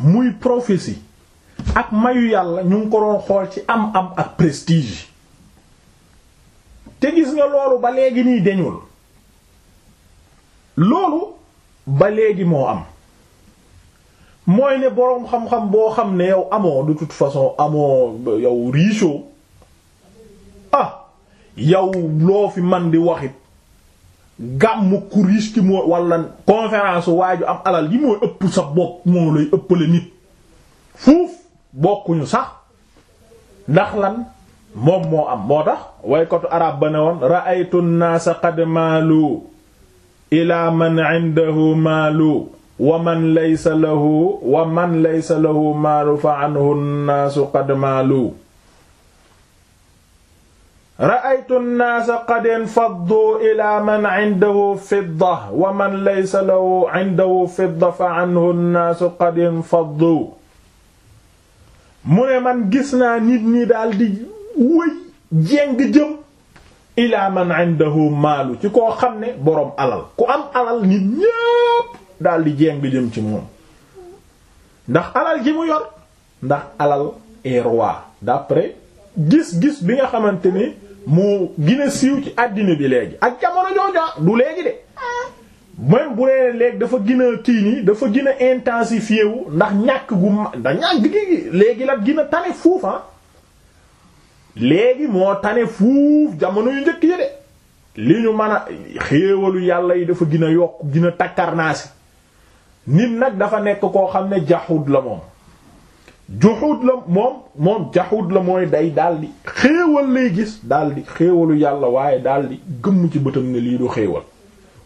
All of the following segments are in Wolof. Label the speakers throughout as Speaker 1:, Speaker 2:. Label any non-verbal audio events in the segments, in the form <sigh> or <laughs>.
Speaker 1: muy prophétie ak mayu yàlla ñu ngi ko doon xool ci am-am ak prestige te gis nga loolu ba léegi nii deñul loolu ba léegi moo am mooy ne boroom xam-xam boo xam ne yow amoo de toute façon amoo yow riche ah yow loo fi man di waxit gàmmu ku riche ki moo wala conférence waaju am alal yi mooy ëpp sa bopp moo lay ëppale nit fuuf bokkuñu sax ndax lan moom moo am moo tax waykatu arab ba ne woon ra'aytu an-naasa qad maalu ila man indahu maalu wa man laysa lahu wa man laysa lahu maalu fa anhu naasu qad ra'aytu nnaasa qad infaddu ila man indahu fidda wa man laysa lahu indahu fidda fa anhu nnaasu qad infaddu mu ne man gis naa nit ñi daldi di wëy jéng jëm ila man indahu maalu ci koo xam ne boroom alal ku am alal nit ñépp daal di jëm ci moom ndax alal ji mu yor ndax alal est roi gis-gis bi nga xamante ni mu gën a siiw ci àddina bi léegi ak jamono jooju du léegi de même bu dee léegi dafa gina a kii dafa gën a intensifié wu ndax ñàkk gu ma ndax ñàkk gi léegi la gën a tane fuuf ah. léegi moo tane fuuf jamono yu njëkk yi de li ñu mën a xéewalu yàlla yi dafa gën a yokk gën a takkarnaasi nit nag dafa nekk koo xam ne jaxud la moom juxuut la moom moom jaxuut la mooy day daldi xéewal lay gis daldi xéewalu yàlla waaye daldi gëmm ci bëtam ne lii du xéewal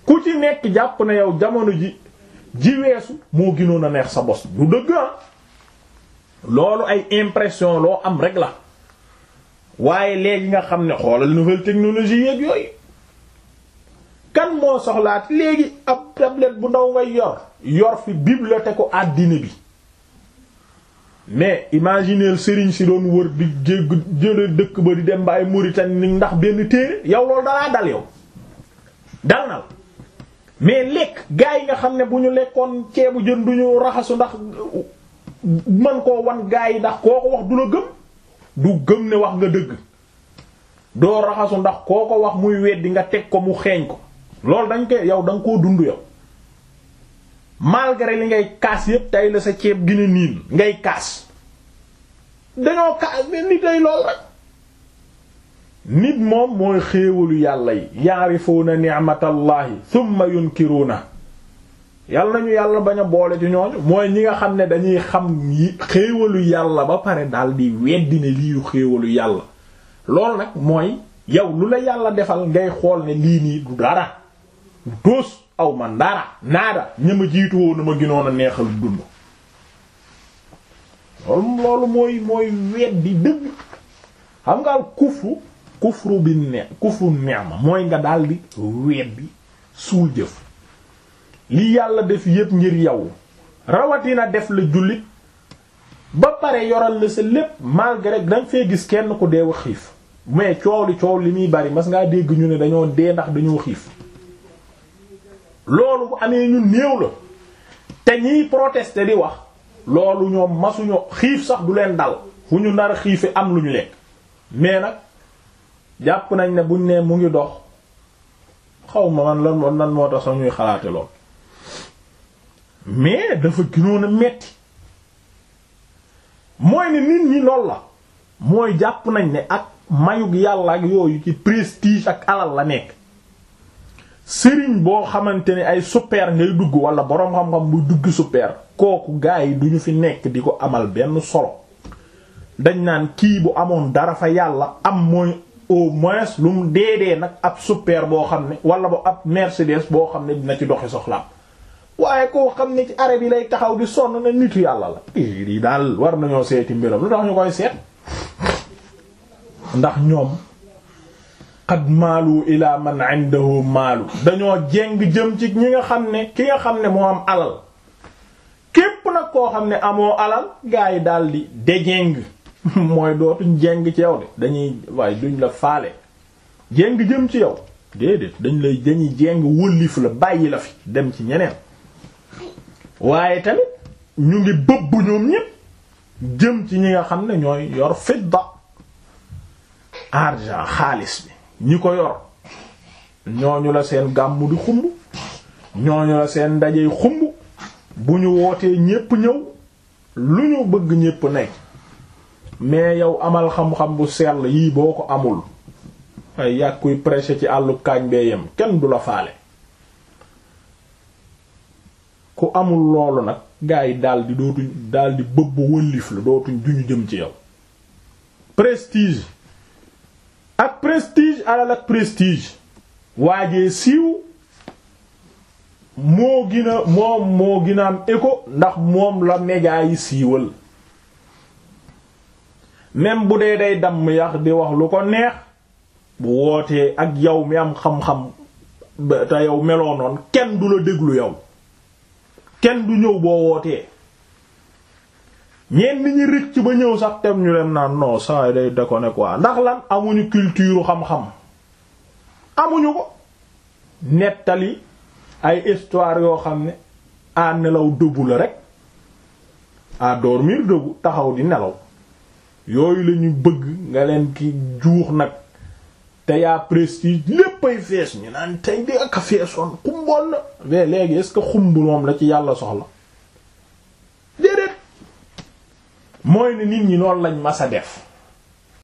Speaker 1: ku ci nekk jàpp na yow jamono ji ji weesu moo gënoon a neex sa bos du dëgg ah. loolu ay impression loo am rek la waaye léegi nga xam ne xoolal nouvelle technologie yeeg yooyu kan moo soxlaat léegi ab tablette bu ndaw ngay yor yor fi bibliothèque àddina bi mais imagineel Serigne si doon wër di jële dëkk ba di dem ba ay Mauritanie ndax benn téere yow loolu dalaa dal yow dal na mais lekk gaa yi nga xam ne bu ñu lekkoon ceebu jën du ñu raxasu ndax man koo wan gaa yi ndax koo ko wax du la gëm du gëm ne wax nga dëgg doo raxasu ndax koo ko wax muy weddi nga teg ko mu xeeñ ko loolu dañ koy yow da nga koo dund yow malgré li ngay kaas yépp tey la sa ceeb gën a niin ngay kaas dañoo kaas ne nit lay lool rek nit moom mooy xéewalu yàlla yi yaarifuuna ni'matallahi thumma yunkiruuna yàlla nañu yàlla bañ a boole ci ñooñu mooy ñi nga xam ne dañuy xam xéewalu yàlla ba pare daal di weddi ne lii xéewalu yàlla loolu nag mooy yow lu la yàlla defal ngay xool ne lii nii du dara du aw ma ndara naada ña ma jiitu woon ma ginoon a neexal dund loolu loolu mooy mooy weddi dëgg xam nga al kufru kufru bi ne kufru ni'ma mooy nga daldi weddi suul jëf li yàlla def yépp ngir yow rawatina def la jullit ba pare yoral la sa lépp malgré danga fee gis kenn ku deewu xiif mais coow li coow li muy bari mas ngaa dégg ñu ne dañoo dee ndax dañoo xiif loolu bu amee ñu néew la te ñiy protester di wax loolu ñoom masuñu xiif sax du leen dal fu ñu nar a am lu ñu lekk mais nag jàpp nañ ne buñ nee mu ngi dox xaw ma man lan lan moo tax sax ñuy xalaate lool mais dafa gënoon a metti mooy ne nit ñi lool la mooy jàpp nañ ne ak mayug yàlla ak yooyu ci prestige ak alal la nekk sëriñ boo xamante ne ay super ngay dugg wala boroom xam-xam bu dugg super kooku gaa yi duñu fi nekk di ko amal benn solo dañ naan kii bu amoon dara fa yàlla am mooy au lu mu deedee nag ab super boo xam ne wala ba ab Mercedes boo xam ne dina ci doxi soxlaam waaye koo xam ne ci arrêt bi lay taxaw di sonn na nitu yàlla la lii daal war nañoo seeti mbiram lu tax ñu koy seet ndax ñoom qad maalu ila man indahu maalu dañoo jéng jëm ci ñi nga xam ne ki nga xam ne moo am alal képp nag koo xam ne amoo alal gaa yi daldi dejeng <laughs> mooy dootuñ jéng ci yow de dañuy waaye duñ la faale jéng jëm ci yow dañ lay dañuy jéng wëllif la bàyyi la fi dem ci ñeneen waaye tamit ñu ngi bëbb ñoom ñépp jëm ci ñi nga xam ne ñooy yor fidda argent xaalis bi ñi ko yor ñooñu la seen gàmmu di xumb ñooñu la seen ndaje xumb bu ñu wootee ñépp ñëw lu ñu bëgg ñépp nekk mais yow amal xam-xam bu sell yii boo ko amul ay yàgg kuy ci àllu kaañ bee yem kenn du la faale ku amul loolu nag gaa daldi dootuñ daldi bëbb wëllif la dootuñ du ñu jëm ci yow ak prestige alal ak prestige waajee siiw moo gën a moom moo gën am écho ndax moom la média yi siiwal même bu dee day damm yax di wax lu ko neex bu wootee ak yow mi am xam-xam te yow meloo kenn du la déglu yow kenn du ñëw boo wootee ñeen ni ñu rëcc ba ñëw sax tem ñu leen naan non saa yi day déconné quoi ndax lan amuñu culture xam-xam amuñu ko nettali ay histoire yoo xam ne à nelaw dëbu la rek à dormir dëbu taxaw di nelaw yooyu la ñu bëgg nga leen ki juux nag te yaa prestige léppay fees ñu naan tey di ak a feesoon xumboon na mais léegi est-ce que xumb moom la ci yàlla soxla mooy ne nit ñi loolu lañ mas a def